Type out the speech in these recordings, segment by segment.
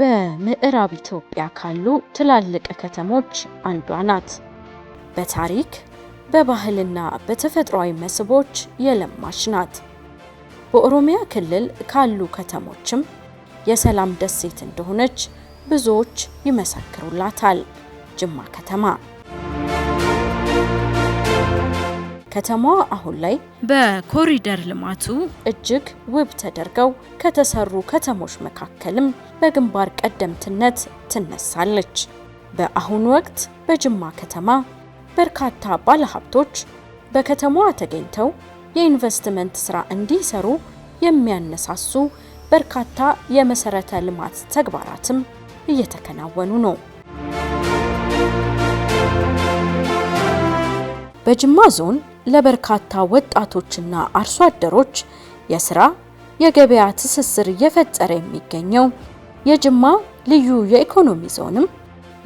በምዕራብ ኢትዮጵያ ካሉ ትላልቅ ከተሞች አንዷ ናት። በታሪክ በባህልና በተፈጥሯዊ መስህቦች የለማች ናት። በኦሮሚያ ክልል ካሉ ከተሞችም የሰላም ደሴት እንደሆነች ብዙዎች ይመሰክሩላታል። ጅማ ከተማ ከተማዋ አሁን ላይ በኮሪደር ልማቱ እጅግ ውብ ተደርገው ከተሰሩ ከተሞች መካከልም በግንባር ቀደምትነት ትነሳለች። በአሁኑ ወቅት በጅማ ከተማ በርካታ ባለሀብቶች በከተማዋ ተገኝተው የኢንቨስትመንት ስራ እንዲሰሩ የሚያነሳሱ በርካታ የመሰረተ ልማት ተግባራትም እየተከናወኑ ነው። በጅማ ዞን ለበርካታ ወጣቶችና አርሶ አደሮች የስራ የገበያ ትስስር እየፈጠረ የሚገኘው የጅማ ልዩ የኢኮኖሚ ዞንም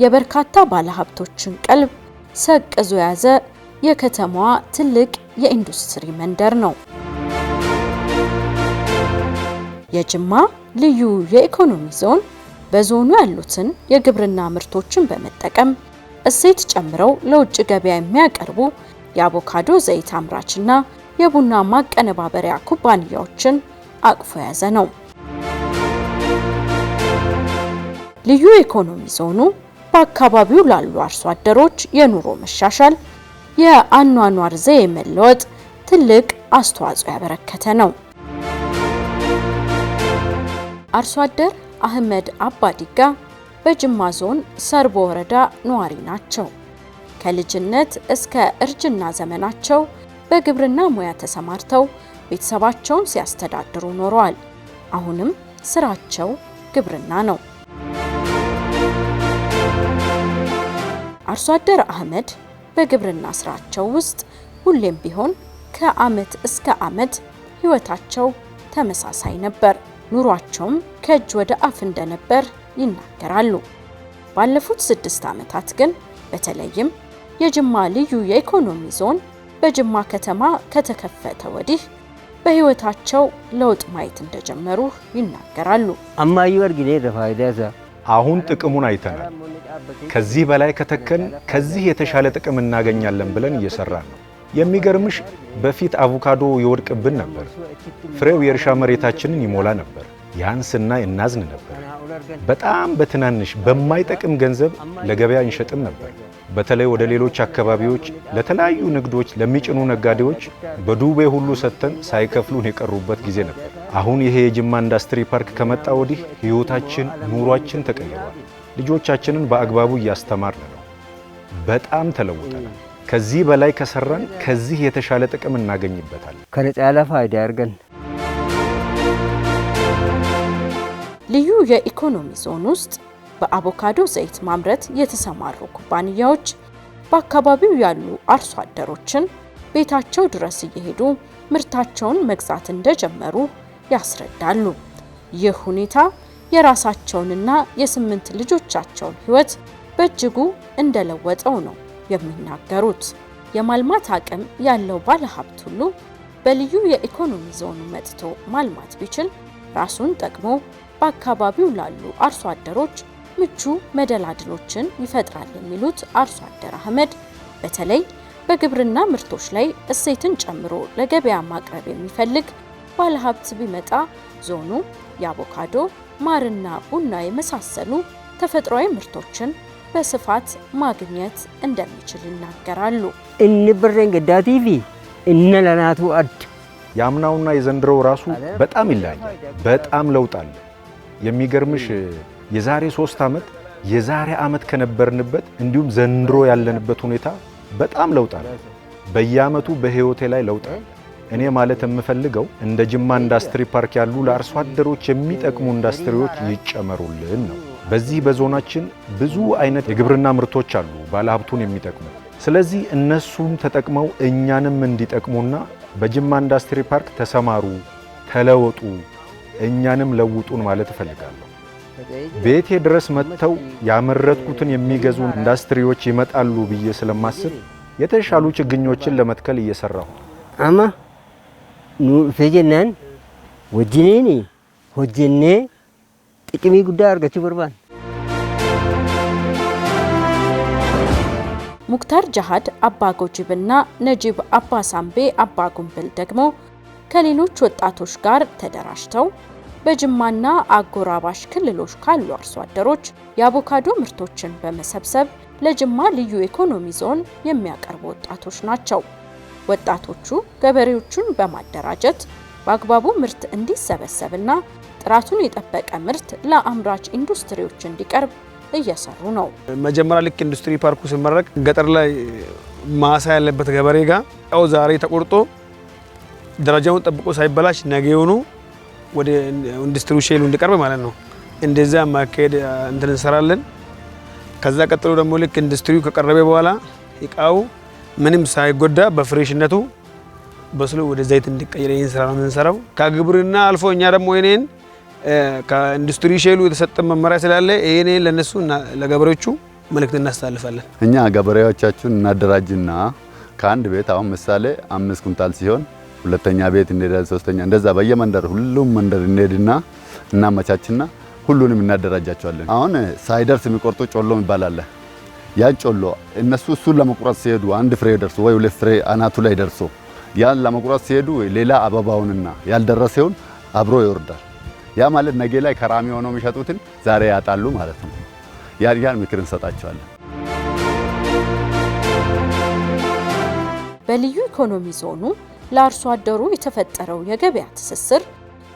የበርካታ ባለሀብቶችን ቀልብ ሰቅዞ የያዘ የከተማዋ ትልቅ የኢንዱስትሪ መንደር ነው። የጅማ ልዩ የኢኮኖሚ ዞን በዞኑ ያሉትን የግብርና ምርቶችን በመጠቀም እሴት ጨምረው ለውጭ ገበያ የሚያቀርቡ የአቮካዶ ዘይት አምራችና የቡና ማቀነባበሪያ ኩባንያዎችን አቅፎ የያዘ ነው። ልዩ ኢኮኖሚ ዞኑ በአካባቢው ላሉ አርሶ አደሮች የኑሮ መሻሻል፣ የአኗኗር ዘዬ መለወጥ ትልቅ አስተዋጽኦ ያበረከተ ነው። አርሶ አደር አህመድ አባዲጋ በጅማ ዞን ሰርቦ ወረዳ ነዋሪ ናቸው። ከልጅነት እስከ እርጅና ዘመናቸው በግብርና ሙያ ተሰማርተው ቤተሰባቸውን ሲያስተዳድሩ ኖረዋል። አሁንም ስራቸው ግብርና ነው። አርሶ አደር አህመድ በግብርና ስራቸው ውስጥ ሁሌም ቢሆን ከአመት እስከ አመት ህይወታቸው ተመሳሳይ ነበር። ኑሯቸውም ከእጅ ወደ አፍ እንደነበር ይናገራሉ። ባለፉት ስድስት ዓመታት ግን በተለይም የጅማ ልዩ የኢኮኖሚ ዞን በጅማ ከተማ ከተከፈተ ወዲህ በህይወታቸው ለውጥ ማየት እንደጀመሩ ይናገራሉ። አሁን ጥቅሙን አይተናል። ከዚህ በላይ ከተከን ከዚህ የተሻለ ጥቅም እናገኛለን ብለን እየሰራን ነው። የሚገርምሽ በፊት አቮካዶ ይወድቅብን ነበር። ፍሬው የእርሻ መሬታችንን ይሞላ ነበር። ያን ስናይ እናዝን ነበር። በጣም በትናንሽ በማይጠቅም ገንዘብ ለገበያ እንሸጥም ነበር። በተለይ ወደ ሌሎች አካባቢዎች ለተለያዩ ንግዶች ለሚጭኑ ነጋዴዎች በዱቤ ሁሉ ሰጥተን ሳይከፍሉን የቀሩበት ጊዜ ነበር። አሁን ይሄ የጅማ ኢንዱስትሪ ፓርክ ከመጣ ወዲህ ሕይወታችን፣ ኑሯችን ተቀይሯል። ልጆቻችንን በአግባቡ እያስተማርን ነው። በጣም ተለውጠናል። ከዚህ በላይ ከሰራን ከዚህ የተሻለ ጥቅም እናገኝበታል። ከነጻ ያለ ፋይዳ ያርገን። ልዩ የኢኮኖሚ ዞን ውስጥ በአቮካዶ ዘይት ማምረት የተሰማሩ ኩባንያዎች በአካባቢው ያሉ አርሶ አደሮችን ቤታቸው ድረስ እየሄዱ ምርታቸውን መግዛት እንደጀመሩ ያስረዳሉ። ይህ ሁኔታ የራሳቸውንና የስምንት ልጆቻቸውን ሕይወት በእጅጉ እንደለወጠው ነው የሚናገሩት። የማልማት አቅም ያለው ባለሀብት ሁሉ በልዩ የኢኮኖሚ ዞኑ መጥቶ ማልማት ቢችል ራሱን ጠቅሞ በአካባቢው ላሉ አርሶ አደሮች ምቹ መደላድሎችን ይፈጥራል የሚሉት አርሶ አደር አህመድ በተለይ በግብርና ምርቶች ላይ እሴትን ጨምሮ ለገበያ ማቅረብ የሚፈልግ ባለሀብት ቢመጣ ዞኑ የአቮካዶ ማርና ቡና የመሳሰሉ ተፈጥሯዊ ምርቶችን በስፋት ማግኘት እንደሚችል ይናገራሉ። እንብረን ግዳቲቪ እነ አድ የአምናውና የዘንድሮው ራሱ በጣም ይለያል። በጣም ለውጥ አለ። የሚገርምሽ የዛሬ ሶስት ዓመት የዛሬ ዓመት ከነበርንበት እንዲሁም ዘንድሮ ያለንበት ሁኔታ በጣም ለውጣል። በየዓመቱ በህይወቴ ላይ ለውጣል። እኔ ማለት የምፈልገው እንደ ጅማ ኢንዳስትሪ ፓርክ ያሉ ለአርሶ አደሮች የሚጠቅሙ ኢንዳስትሪዎች ይጨመሩልን ነው። በዚህ በዞናችን ብዙ አይነት የግብርና ምርቶች አሉ ባለሀብቱን የሚጠቅሙ። ስለዚህ እነሱም ተጠቅመው እኛንም እንዲጠቅሙና በጅማ ኢንዳስትሪ ፓርክ ተሰማሩ፣ ተለወጡ፣ እኛንም ለውጡን ማለት እፈልጋለሁ። ቤቴ ድረስ መጥተው ያመረትኩትን የሚገዙ ኢንዳስትሪዎች ይመጣሉ ብዬ ስለማስብ የተሻሉ ችግኞችን ለመትከል እየሰራሁ አማ ኑ ፈጀናን ወጅኔኒ ሆጀኔ ጥቅሚ ጉዳይ አርገች በርባን ሙክታር ጃሃድ አባ ጎጂብና ነጂብ አባ ሳምቤ አባ ጉንብል ደግሞ ከሌሎች ወጣቶች ጋር ተደራጅተው በጅማና አጎራባሽ ክልሎች ካሉ አርሶ አደሮች የአቮካዶ ምርቶችን በመሰብሰብ ለጅማ ልዩ ኢኮኖሚ ዞን የሚያቀርቡ ወጣቶች ናቸው። ወጣቶቹ ገበሬዎቹን በማደራጀት በአግባቡ ምርት እንዲሰበሰብና ጥራቱን የጠበቀ ምርት ለአምራች ኢንዱስትሪዎች እንዲቀርብ እየሰሩ ነው። መጀመሪያ ልክ ኢንዱስትሪ ፓርኩ ሲመረቅ ገጠር ላይ ማሳ ያለበት ገበሬ ጋር ያው ዛሬ ተቆርጦ ደረጃውን ጠብቆ ሳይበላሽ ነገ የሆኑ ወደ ኢንዱስትሪ ሼሉ እንዲቀርብ ማለት ነው። እንደዛ ማካሄድ እንትን እንሰራለን። ከዛ ቀጥሎ ደግሞ ልክ ኢንዱስትሪው ከቀረበ በኋላ እቃው ምንም ሳይጎዳ በፍሬሽነቱ በስሎ ወደ ዘይት እንዲቀየር ይህን ስራ ነው የምንሰራው። ከግብርና አልፎ እኛ ደግሞ ይህንን ከኢንዱስትሪ ሼሉ የተሰጠ መመሪያ ስላለ ይህን ለነሱ ለገበሬዎቹ መልእክት እናስተላልፋለን። እኛ ገበሬዎቻችሁን እናደራጅና ከአንድ ቤት አሁን ምሳሌ አምስት ኩንታል ሲሆን ሁለተኛ ቤት እንሄዳለን፣ ሶስተኛ እንደዛ በየመንደር ሁሉም መንደር እንሄድና እናመቻችና ሁሉንም እናደራጃቸዋለን። አሁን ሳይደርስ የሚቆርጡ ጮሎ ይባላል። ያን ጮሎ እነሱ እሱን ለመቁረጥ ሲሄዱ አንድ ፍሬ ደርሶ ወይ ሁለት ፍሬ አናቱ ላይ ደርሶ ያን ለመቁረጥ ሲሄዱ ሌላ አበባውንና ያልደረሰውን አብሮ ይወርዳል። ያ ማለት ነገ ላይ ከራሚ ሆነው የሚሸጡትን ዛሬ ያጣሉ ማለት ነው። ያን ያን ምክር እንሰጣቸዋለን። በልዩ ኢኮኖሚ ዞኑ ለአርሶ አደሩ የተፈጠረው የገበያ ትስስር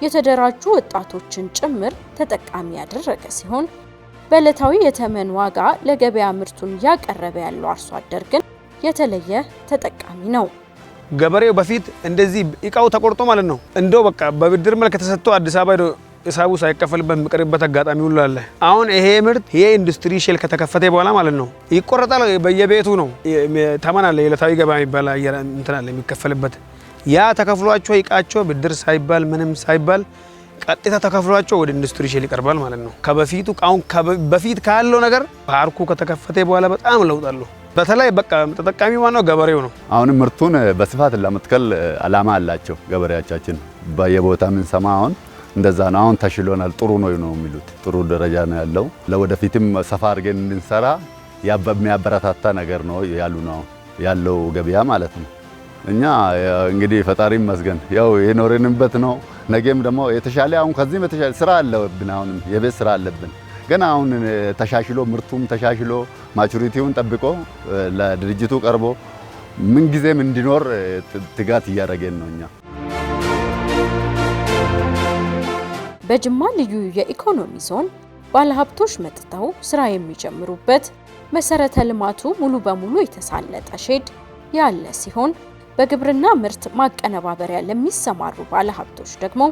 የተደራጁ ወጣቶችን ጭምር ተጠቃሚ ያደረገ ሲሆን በዕለታዊ የተመን ዋጋ ለገበያ ምርቱን እያቀረበ ያለው አርሶ አደር ግን የተለየ ተጠቃሚ ነው። ገበሬው በፊት እንደዚህ እቃው ተቆርጦ ማለት ነው እንደው በቃ በብድር መልክ ተሰጥቶ አዲስ አበባ ሄዶ ሂሳቡ ሳይከፈልበት የሚቀርብበት አጋጣሚ ሁሉ አለ። አሁን ይሄ ምርት ይሄ ኢንዱስትሪ ሼል ከተከፈተ በኋላ ማለት ነው ይቆረጣል። በየቤቱ ነው ተመን አለ። የዕለታዊ ገበያ የሚባል እንትን አለ የሚከፈልበት ያ ተከፍሏቸው እቃቸው ብድር ሳይባል ምንም ሳይባል ቀጥታ ተከፍሏቸው ወደ ኢንዱስትሪ ሼል ይቀርባል ማለት ነው። ከበፊቱ አሁን በፊት ካለው ነገር ፓርኩ ከተከፈተ በኋላ በጣም ለውጣሉ። በተለይ በቃ ተጠቃሚ ዋናው ገበሬው ነው። አሁንም ምርቱን በስፋት ለመትከል አላማ አላቸው ገበሬዎቻችን። በየቦታ የምንሰማ አሁን እንደዛ ነው። አሁን ተሽሎናል፣ ጥሩ ነው ነው የሚሉት ጥሩ ደረጃ ነው ያለው። ለወደፊትም ሰፋ አድርገን እንድንሰራ የሚያበረታታ ነገር ነው ያሉ ነው ያለው ገበያ ማለት ነው። እኛ እንግዲህ ፈጣሪ ይመስገን ያው የኖርንበት ነው። ነገም ደግሞ የተሻለ አሁን ከዚህም የተሻለ ስራ አለብን። አሁንም የቤት ስራ አለብን። ግን አሁን ተሻሽሎ ምርቱም ተሻሽሎ ማቹሪቲውን ጠብቆ ለድርጅቱ ቀርቦ ምንጊዜም እንዲኖር ትጋት እያደረገን ነው። እኛ በጅማ ልዩ የኢኮኖሚ ዞን ባለሀብቶች መጥተው ስራ የሚጀምሩበት መሰረተ ልማቱ ሙሉ በሙሉ የተሳለጠ ሼድ ያለ ሲሆን በግብርና ምርት ማቀነባበሪያ ለሚሰማሩ ባለሀብቶች ደግሞ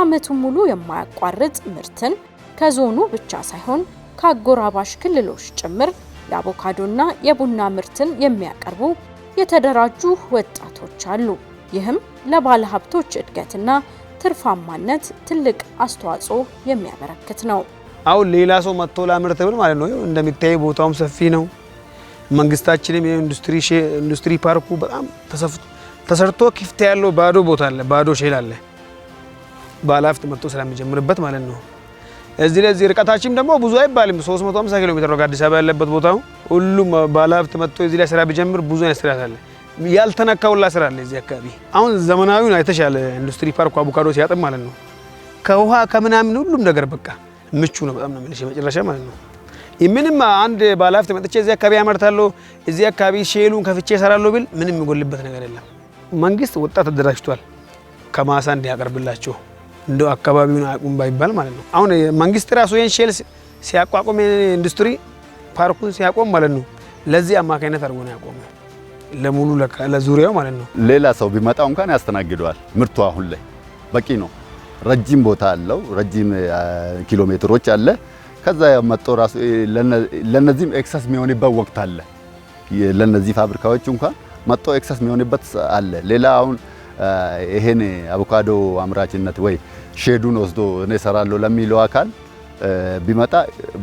ዓመቱን ሙሉ የማያቋርጥ ምርትን ከዞኑ ብቻ ሳይሆን ከአጎራባሽ ክልሎች ጭምር የአቮካዶና የቡና ምርትን የሚያቀርቡ የተደራጁ ወጣቶች አሉ። ይህም ለባለሀብቶች እድገትና ትርፋማነት ትልቅ አስተዋጽኦ የሚያበረክት ነው። አሁን ሌላ ሰው መጥቶ ላምርት ብል ማለት ነው። እንደሚታይ ቦታውም ሰፊ ነው። መንግስታችንም የኢንዱስትሪ ኢንዱስትሪ ፓርኩ በጣም ተሰርቶ ክፍት ያለው ባዶ ቦታ አለ፣ ባዶ ሼል አለ። ባለሀብት መጥቶ ስራ የሚጀምርበት ማለት ነው። እዚህ ለዚህ ርቀታችን ደግሞ ብዙ አይባልም 350 ኪሎ ሜትር ነው አዲስ አበባ ያለበት ቦታው። ሁሉም ባለሀብት መጥቶ እዚህ ላይ ስራ ቢጀምር ብዙ አይነት ስራ አለ፣ ያልተነካውላ ስራ አለ እዚህ አካባቢ። አሁን ዘመናዊውን አይተሻለ ኢንዱስትሪ ፓርኩ አቮካዶ ሲያጥም ማለት ነው ከውሃ ከምናምን ሁሉም ነገር በቃ ምቹ ነው። በጣም ነው የምልሽ መጨረሻ ማለት ነው። ምንም አንድ ባለሀብት መጥቼ እዚህ አካባቢ ያመርታለሁ እዚህ አካባቢ ሼሉን ከፍቼ እሰራለሁ ቢል ምንም የሚጎልበት ነገር የለም። መንግስት ወጣት አደራጅቷል ከማሳ እንዲያቀርብላቸው እንደ አካባቢውን አቁም ባይባል ማለት ነው። አሁን መንግስት ራሱ ይህን ሼል ሲያቋቁም ኢንዱስትሪ ፓርኩን ሲያቆም ማለት ነው ለዚህ አማካኝነት አድርጎ ነው ያቆመ ለሙሉ ለዙሪያው ማለት ነው። ሌላ ሰው ቢመጣው እንኳን ያስተናግደዋል። ምርቱ አሁን ላይ በቂ ነው። ረጅም ቦታ አለው። ረጅም ኪሎ ሜትሮች አለ። ከዛ መጥቶ ራሱ ለነዚህም ኤክሰስ የሚሆንበት ወቅት አለ። ለነዚህ ፋብሪካዎች እንኳን መጥቶ ኤክሰስ የሚሆንበት አለ። ሌላ አሁን ይሄን አቮካዶ አምራችነት ወይ ሼዱን ወስዶ እኔ ሰራለሁ ለሚለው አካል ቢመጣ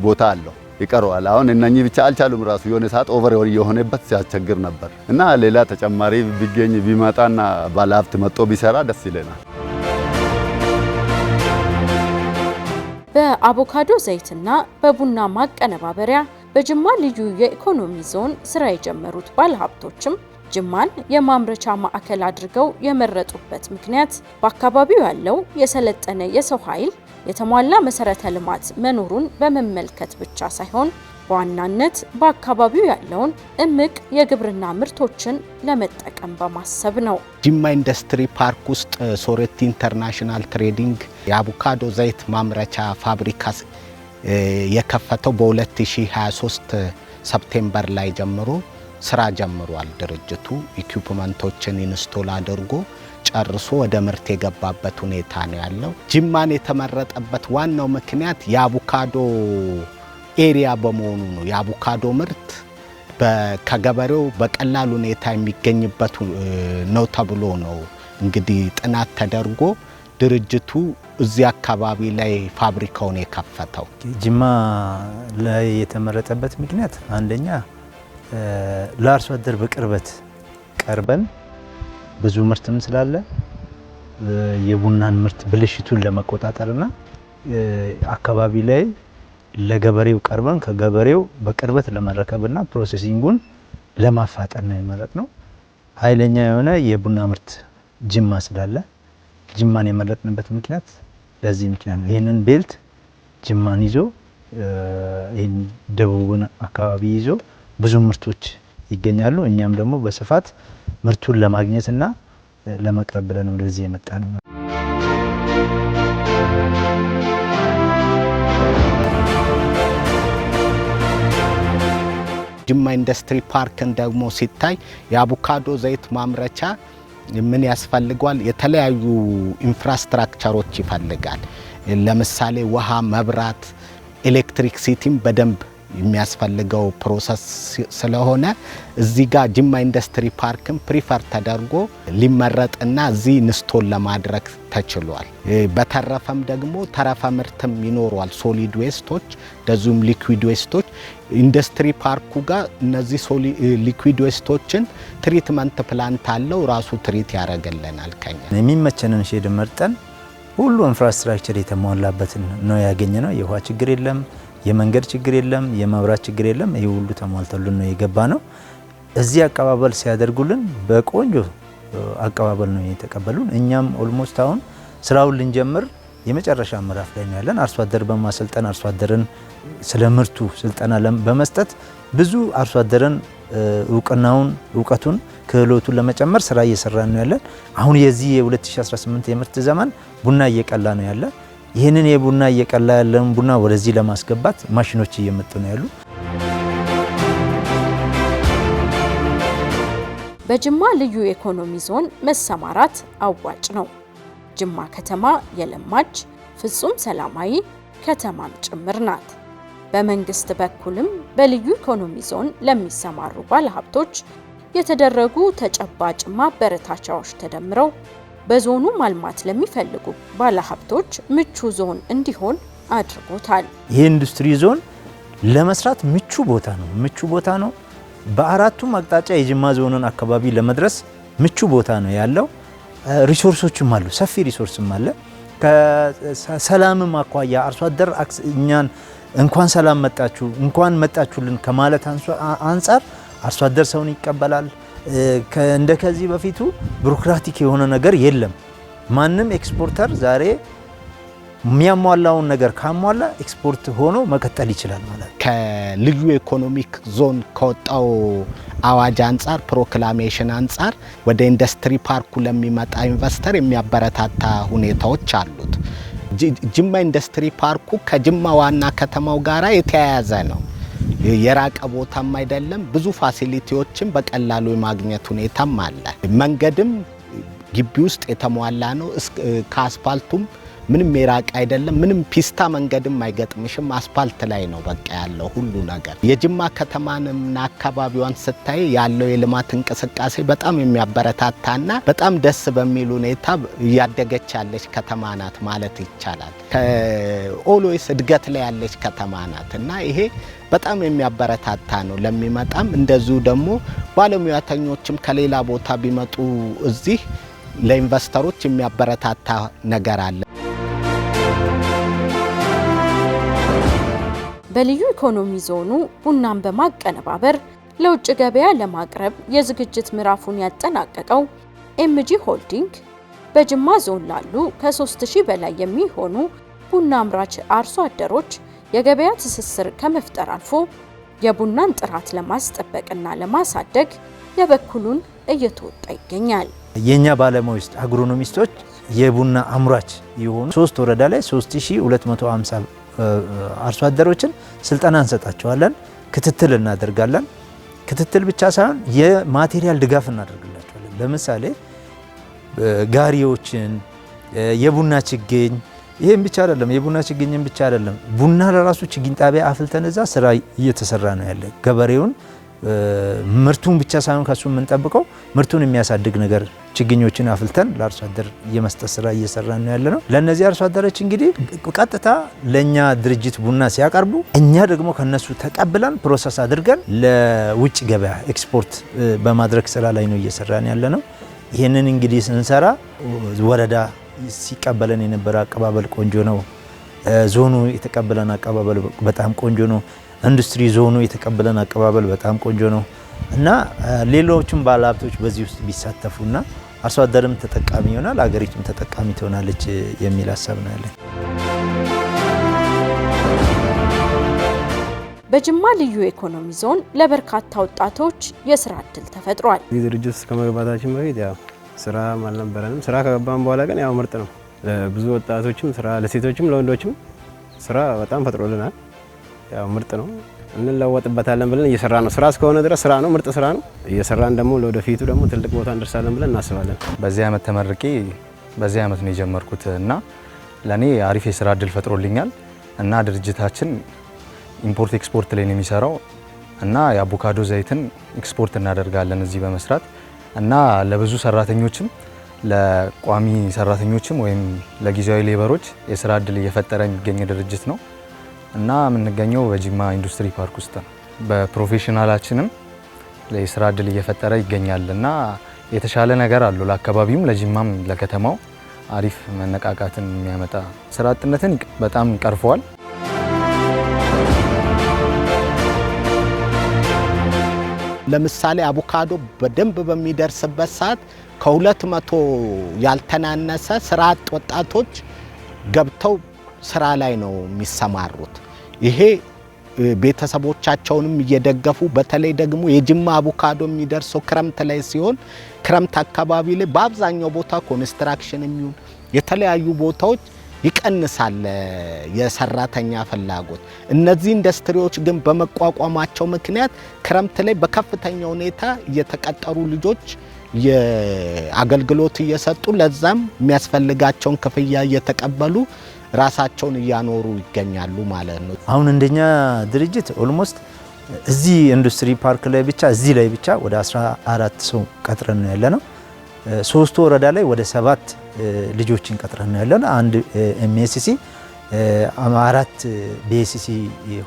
ቦታ አለው ይቀረዋል። አሁን እነኚህ ብቻ አልቻሉም። ራሱ የሆነ ሰዓት ኦቨር የሆነበት ሲያስቸግር ነበር እና ሌላ ተጨማሪ ቢገኝ ቢመጣና ባለሀብት መጥቶ ቢሰራ ደስ ይለናል። በአቮካዶ ዘይትና በቡና ማቀነባበሪያ በጅማ ልዩ የኢኮኖሚ ዞን ስራ የጀመሩት ባለሀብቶችም ጅማን የማምረቻ ማዕከል አድርገው የመረጡበት ምክንያት በአካባቢው ያለው የሰለጠነ የሰው ኃይል የተሟላ መሰረተ ልማት መኖሩን በመመልከት ብቻ ሳይሆን በዋናነት በአካባቢው ያለውን እምቅ የግብርና ምርቶችን ለመጠቀም በማሰብ ነው። ጅማ ኢንዱስትሪ ፓርክ ውስጥ ሶሬት ኢንተርናሽናል ትሬዲንግ የአቮካዶ ዘይት ማምረቻ ፋብሪካ የከፈተው በ2023 ሰፕቴምበር ላይ ጀምሮ ስራ ጀምሯል። ድርጅቱ ኢኩፕመንቶችን ኢንስቶል አድርጎ ጨርሶ ወደ ምርት የገባበት ሁኔታ ነው ያለው። ጅማን የተመረጠበት ዋናው ምክንያት የአቮካዶ ኤሪያ በመሆኑ ነው የአቮካዶ ምርት ከገበሬው በቀላል ሁኔታ የሚገኝበት ነው ተብሎ ነው እንግዲህ ጥናት ተደርጎ ድርጅቱ እዚህ አካባቢ ላይ ፋብሪካውን የከፈተው። ጅማ ላይ የተመረጠበት ምክንያት አንደኛ ለአርሶ አደር በቅርበት ቀርበን ብዙ ምርትም ስላለ የቡናን ምርት ብልሽቱን ለመቆጣጠርና አካባቢ ላይ ለገበሬው ቀርበን ከገበሬው በቅርበት ለመረከብና ፕሮሴሲንጉን ለማፋጠን ነው የመረጥ ነው። ኃይለኛ የሆነ የቡና ምርት ጅማ ስላለ ጅማን የመረጥንበት ምክንያት ለዚህ ምክንያት ነው። ይህንን ቤልት ጅማን ይዞ ይህን ደቡብን አካባቢ ይዞ ብዙ ምርቶች ይገኛሉ። እኛም ደግሞ በስፋት ምርቱን ለማግኘትና ለመቅረብ ብለን ወደዚህ የመጣ ነው። ጅማ ኢንዱስትሪ ፓርክን ደግሞ ሲታይ የአቮካዶ ዘይት ማምረቻ ምን ያስፈልገዋል? የተለያዩ ኢንፍራስትራክቸሮች ይፈልጋል። ለምሳሌ ውሃ፣ መብራት፣ ኤሌክትሪክ ሲቲም በደንብ የሚያስፈልገው ፕሮሰስ ስለሆነ እዚህ ጋር ጅማ ኢንዱስትሪ ፓርክን ፕሪፈር ተደርጎ ሊመረጥና እዚህ ንስቶን ለማድረግ ተችሏል። በተረፈም ደግሞ ተረፈ ምርትም ይኖሯል። ሶሊድ ዌስቶች እንደዚሁም ሊኩዊድ ዌስቶች ኢንዱስትሪ ፓርኩ ጋር እነዚህ ሊኩዊድ ዌስቶችን ትሪትመንት ፕላንት አለው ራሱ ትሪት ያደርግልናል። ከኛ የሚመቸንን ሼድ መርጠን ሁሉ ኢንፍራስትራክቸር የተሟላበትን ነው ያገኘ ነው። የውሃ ችግር የለም። የመንገድ ችግር የለም፣ የመብራት ችግር የለም። ይህ ሁሉ ተሟልተልን ነው የገባ ነው። እዚህ አቀባበል ሲያደርጉልን በቆንጆ አቀባበል ነው የተቀበሉን። እኛም ኦልሞስት አሁን ስራውን ልንጀምር የመጨረሻ ምዕራፍ ላይ ነው ያለን። አርሶ አደር በማሰልጠን አርሶ አደርን ስለ ምርቱ ስልጠና በመስጠት ብዙ አርሶ አደርን እውቅናውን እውቀቱን ክህሎቱን ለመጨመር ስራ እየሰራ ነው ያለን። አሁን የዚህ የ2018 የምርት ዘመን ቡና እየቀላ ነው ያለ ይህንን የቡና እየቀላ ያለን ቡና ወደዚህ ለማስገባት ማሽኖች እየመጡ ነው ያሉ። በጅማ ልዩ ኢኮኖሚ ዞን መሰማራት አዋጭ ነው። ጅማ ከተማ የለማች ፍጹም ሰላማዊ ከተማም ጭምር ናት። በመንግስት በኩልም በልዩ ኢኮኖሚ ዞን ለሚሰማሩ ባለሀብቶች የተደረጉ ተጨባጭ ማበረታቻዎች ተደምረው በዞኑ ማልማት ለሚፈልጉ ባለሀብቶች ምቹ ዞን እንዲሆን አድርጎታል። ይህ ኢንዱስትሪ ዞን ለመስራት ምቹ ቦታ ነው። ምቹ ቦታ ነው። በአራቱም አቅጣጫ የጅማ ዞንን አካባቢ ለመድረስ ምቹ ቦታ ነው ያለው። ሪሶርሶችም አሉ፣ ሰፊ ሪሶርስም አለ። ከሰላምም አኳያ አርሶ አደር እኛን እንኳን ሰላም መጣችሁ እንኳን መጣችሁልን ከማለት አንጻር አርሶ አደር ሰውን ይቀበላል። እንደ ከዚህ በፊቱ ቢሮክራቲክ የሆነ ነገር የለም። ማንም ኤክስፖርተር ዛሬ የሚያሟላውን ነገር ካሟላ ኤክስፖርት ሆኖ መቀጠል ይችላል ማለት ነው። ከልዩ ኢኮኖሚክ ዞን ከወጣው አዋጅ አንጻር ፕሮክላሜሽን አንጻር ወደ ኢንዱስትሪ ፓርኩ ለሚመጣ ኢንቨስተር የሚያበረታታ ሁኔታዎች አሉት። ጅማ ኢንዱስትሪ ፓርኩ ከጅማ ዋና ከተማው ጋራ የተያያዘ ነው። የራቀ ቦታም አይደለም። ብዙ ፋሲሊቲዎችን በቀላሉ የማግኘት ሁኔታም አለ። መንገድም ግቢ ውስጥ የተሟላ ነው። ከአስፓልቱም ምንም የራቀ አይደለም። ምንም ፒስታ መንገድም አይገጥምሽም። አስፓልት ላይ ነው በቃ ያለው ሁሉ ነገር። የጅማ ከተማንና አካባቢዋን ስታይ ያለው የልማት እንቅስቃሴ በጣም የሚያበረታታና በጣም ደስ በሚል ሁኔታ እያደገች ያለች ከተማ ናት ማለት ይቻላል። ኦልዌይስ እድገት ላይ ያለች ከተማ ናት እና ይሄ በጣም የሚያበረታታ ነው። ለሚመጣም እንደዚሁ ደግሞ ባለሙያተኞችም ከሌላ ቦታ ቢመጡ እዚህ ለኢንቨስተሮች የሚያበረታታ ነገር አለ። በልዩ ኢኮኖሚ ዞኑ ቡናን በማቀነባበር ለውጭ ገበያ ለማቅረብ የዝግጅት ምዕራፉን ያጠናቀቀው ኤምጂ ሆልዲንግ በጅማ ዞን ላሉ ከ3000 በላይ የሚሆኑ ቡና አምራች አርሶ አደሮች የገበያ ትስስር ከመፍጠር አልፎ የቡናን ጥራት ለማስጠበቅና ለማሳደግ የበኩሉን እየተወጣ ይገኛል። የእኛ ባለሙያዎች አግሮኖሚስቶች የቡና አምራች የሆኑ ሶስት ወረዳ ላይ 3250 አርሶ አደሮችን ስልጠና እንሰጣቸዋለን። ክትትል እናደርጋለን። ክትትል ብቻ ሳይሆን የማቴሪያል ድጋፍ እናደርግላቸዋለን። ለምሳሌ ጋሪዎችን፣ የቡና ችግኝ ይሄን ብቻ አይደለም፣ የቡና ችግኝን ብቻ አይደለም። ቡና ለራሱ ችግኝ ጣቢያ አፍልተን እዛ ስራ እየተሰራ ነው ያለ። ገበሬውን ምርቱን ብቻ ሳይሆን ከሱ የምንጠብቀው ምርቱን የሚያሳድግ ነገር ችግኞችን አፍልተን ለአርሶ አደር የመስጠት ስራ እየሰራ ነው ያለ ነው። ለእነዚህ አርሶ አደሮች እንግዲህ ቀጥታ ለእኛ ድርጅት ቡና ሲያቀርቡ እኛ ደግሞ ከነሱ ተቀብለን ፕሮሰስ አድርገን ለውጭ ገበያ ኤክስፖርት በማድረግ ስራ ላይ ነው እየሰራን ያለ ነው። ይህንን እንግዲህ ስንሰራ ወረዳ ሲቀበለን የነበረ አቀባበል ቆንጆ ነው። ዞኑ የተቀበለን አቀባበል በጣም ቆንጆ ነው። ኢንዱስትሪ ዞኑ የተቀበለን አቀባበል በጣም ቆንጆ ነው እና ሌሎችም ባለሀብቶች በዚህ ውስጥ ቢሳተፉና አርሶ አደርም ተጠቃሚ ይሆናል፣ አገሪቱም ተጠቃሚ ትሆናለች የሚል ሀሳብ ነው ያለን። በጅማ ልዩ ኢኮኖሚ ዞን ለበርካታ ወጣቶች የስራ እድል ተፈጥሯል። ይህ ድርጅት እስከመግባታችን በፊት ያው ስራ አልነበረንም። ስራ ከገባን በኋላ ግን ያው ምርጥ ነው። ለብዙ ወጣቶችም ስራ ለሴቶችም ለወንዶችም ስራ በጣም ፈጥሮልናል። ያው ምርጥ ነው፣ እንለወጥበታለን ብለን እየሰራ ነው። ስራ እስከሆነ ድረስ ስራ ነው፣ ምርጥ ስራ ነው። እየሰራን ደግሞ ለወደፊቱ ደግሞ ትልቅ ቦታ እንደርሳለን ብለን እናስባለን። በዚህ ዓመት ተመርቄ በዚህ ዓመት ነው የጀመርኩት እና ለእኔ አሪፍ የስራ እድል ፈጥሮልኛል እና ድርጅታችን ኢምፖርት ኤክስፖርት ላይ ነው የሚሰራው እና የአቮካዶ ዘይትን ኤክስፖርት እናደርጋለን እዚህ በመስራት እና ለብዙ ሰራተኞችም ለቋሚ ሰራተኞችም ወይም ለጊዜያዊ ሌበሮች የስራ እድል እየፈጠረ የሚገኝ ድርጅት ነው እና የምንገኘው በጂማ ኢንዱስትሪ ፓርክ ውስጥ ነው። በፕሮፌሽናላችንም የስራ እድል እየፈጠረ ይገኛል እና የተሻለ ነገር አለው ለአካባቢውም፣ ለጂማም፣ ለከተማው አሪፍ መነቃቃትን የሚያመጣ ስራ አጥነትን በጣም ቀርፈዋል። ለምሳሌ አቮካዶ በደንብ በሚደርስበት ሰዓት ከሁለት መቶ ያልተናነሰ ስራ አጥ ወጣቶች ገብተው ስራ ላይ ነው የሚሰማሩት። ይሄ ቤተሰቦቻቸውንም እየደገፉ በተለይ ደግሞ የጅማ አቮካዶ የሚደርሰው ክረምት ላይ ሲሆን ክረምት አካባቢ ላይ በአብዛኛው ቦታ ኮንስትራክሽን የሚሆን የተለያዩ ቦታዎች ይቀንሳል የሰራተኛ ፍላጎት። እነዚህ ኢንዱስትሪዎች ግን በመቋቋማቸው ምክንያት ክረምት ላይ በከፍተኛ ሁኔታ የተቀጠሩ ልጆች አገልግሎት እየሰጡ ለዛም የሚያስፈልጋቸውን ክፍያ እየተቀበሉ ራሳቸውን እያኖሩ ይገኛሉ ማለት ነው። አሁን እንደኛ ድርጅት ኦልሞስት እዚህ ኢንዱስትሪ ፓርክ ላይ ብቻ እዚህ ላይ ብቻ ወደ 14 ሰው ቀጥረን ነው ያለ ነው። ሶስቱ ወረዳ ላይ ወደ ሰባት ልጆችን ቀጥረን ያለን አንድ ኤምኤስሲ አራት ቤሲሲ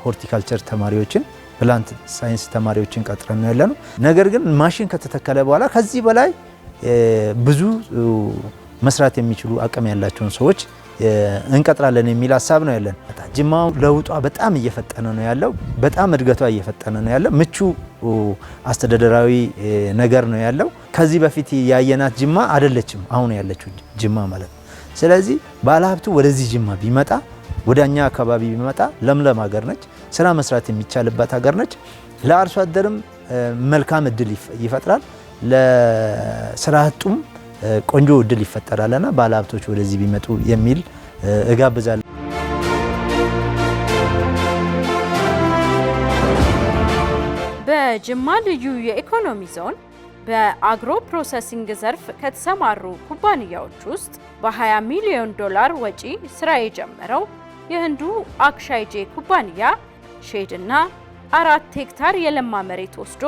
ሆርቲካልቸር ተማሪዎችን ፕላንት ሳይንስ ተማሪዎችን ቀጥረን ያለ ነው። ነገር ግን ማሽን ከተተከለ በኋላ ከዚህ በላይ ብዙ መስራት የሚችሉ አቅም ያላቸውን ሰዎች እንቀጥራለን የሚል ሀሳብ ነው ያለን። ጅማ ለውጧ በጣም እየፈጠነ ነው ያለው። በጣም እድገቷ እየፈጠነ ነው ያለው። ምቹ አስተዳደራዊ ነገር ነው ያለው። ከዚህ በፊት ያየናት ጅማ አይደለችም አሁን ያለችው ጅማ ማለት ነው። ስለዚህ ባለሀብቱ ወደዚህ ጅማ ቢመጣ ወደኛ አካባቢ ቢመጣ ለምለም ሀገር ነች፣ ስራ መስራት የሚቻልባት ሀገር ነች። ለአርሶ አደርም መልካም እድል ይፈጥራል። ለስራ አጡም ቆንጆ እድል ይፈጠራልና ባለሀብቶች ወደዚህ ቢመጡ የሚል እጋብዛለሁ። በጅማ ልዩ የኢኮኖሚ ዞን በአግሮ ፕሮሰሲንግ ዘርፍ ከተሰማሩ ኩባንያዎች ውስጥ በ20 ሚሊዮን ዶላር ወጪ ስራ የጀመረው የህንዱ አክሻይጄ ኩባንያ ሼድና አራት ሄክታር የለማ መሬት ወስዶ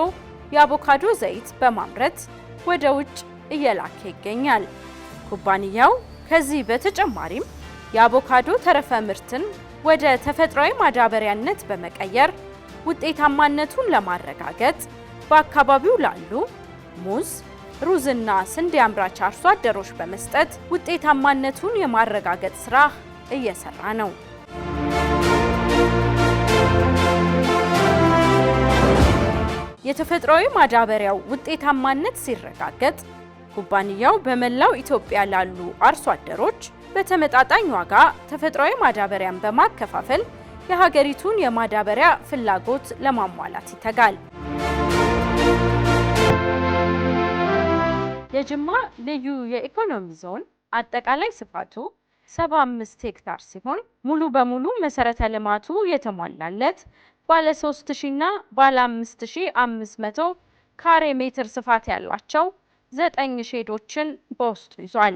የአቮካዶ ዘይት በማምረት ወደ ውጭ እየላከ ይገኛል። ኩባንያው ከዚህ በተጨማሪም የአቮካዶ ተረፈ ምርትን ወደ ተፈጥሯዊ ማዳበሪያነት በመቀየር ውጤታማነቱን ለማረጋገጥ በአካባቢው ላሉ ሙዝ፣ ሩዝና ስንዴ አምራች አርሶ አደሮች በመስጠት ውጤታማነቱን የማረጋገጥ ስራ እየሰራ ነው። የተፈጥሯዊ ማዳበሪያው ውጤታማነት ሲረጋገጥ ኩባንያው በመላው ኢትዮጵያ ላሉ አርሶ አደሮች በተመጣጣኝ ዋጋ ተፈጥሯዊ ማዳበሪያን በማከፋፈል የሀገሪቱን የማዳበሪያ ፍላጎት ለማሟላት ይተጋል። የጅማ ልዩ የኢኮኖሚ ዞን አጠቃላይ ስፋቱ 75 ሄክታር ሲሆን ሙሉ በሙሉ መሰረተ ልማቱ የተሟላለት ባለ 3000 እና ባለ 5500 ካሬ ሜትር ስፋት ያሏቸው። ዘጠኝ ሼዶችን በውስጡ ይዟል።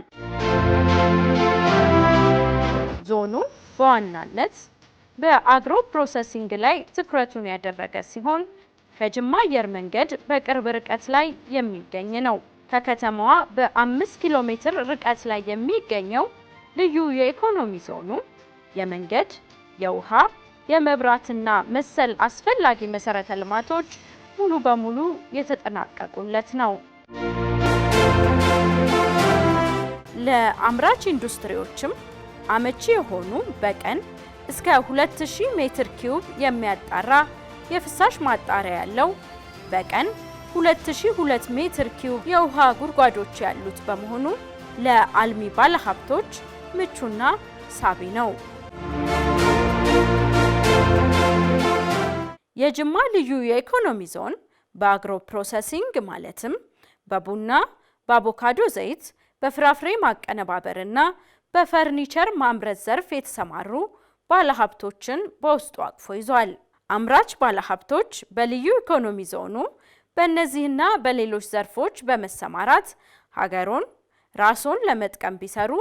ዞኑ በዋናነት በአግሮ ፕሮሰሲንግ ላይ ትኩረቱን ያደረገ ሲሆን ከጅማ አየር መንገድ በቅርብ ርቀት ላይ የሚገኝ ነው። ከከተማዋ በአምስት ኪሎ ሜትር ርቀት ላይ የሚገኘው ልዩ የኢኮኖሚ ዞኑ የመንገድ፣ የውሃ፣ የመብራትና መሰል አስፈላጊ መሰረተ ልማቶች ሙሉ በሙሉ የተጠናቀቁለት ነው። ለአምራች ኢንዱስትሪዎችም አመቺ የሆኑ በቀን እስከ 2000 ሜትር ኪዩብ የሚያጣራ የፍሳሽ ማጣሪያ ያለው በቀን 2002 ሜትር ኪዩብ የውሃ ጉድጓዶች ያሉት በመሆኑ ለአልሚ ባለሀብቶች ምቹና ሳቢ ነው። የጅማ ልዩ የኢኮኖሚ ዞን በአግሮ ፕሮሰሲንግ ማለትም በቡና በአቮካዶ ዘይት፣ በፍራፍሬ ማቀነባበር እና በፈርኒቸር ማምረት ዘርፍ የተሰማሩ ባለሀብቶችን በውስጡ አቅፎ ይዟል። አምራች ባለሀብቶች በልዩ ኢኮኖሚ ዞኑ በእነዚህና በሌሎች ዘርፎች በመሰማራት ሀገሩን ራሱን ለመጥቀም ቢሰሩ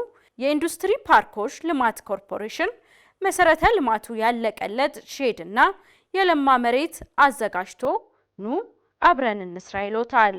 የኢንዱስትሪ ፓርኮች ልማት ኮርፖሬሽን መሰረተ ልማቱ ያለቀለት ሼድ እና የለማ መሬት አዘጋጅቶ ኑ አብረን እንስራ ይሎታል።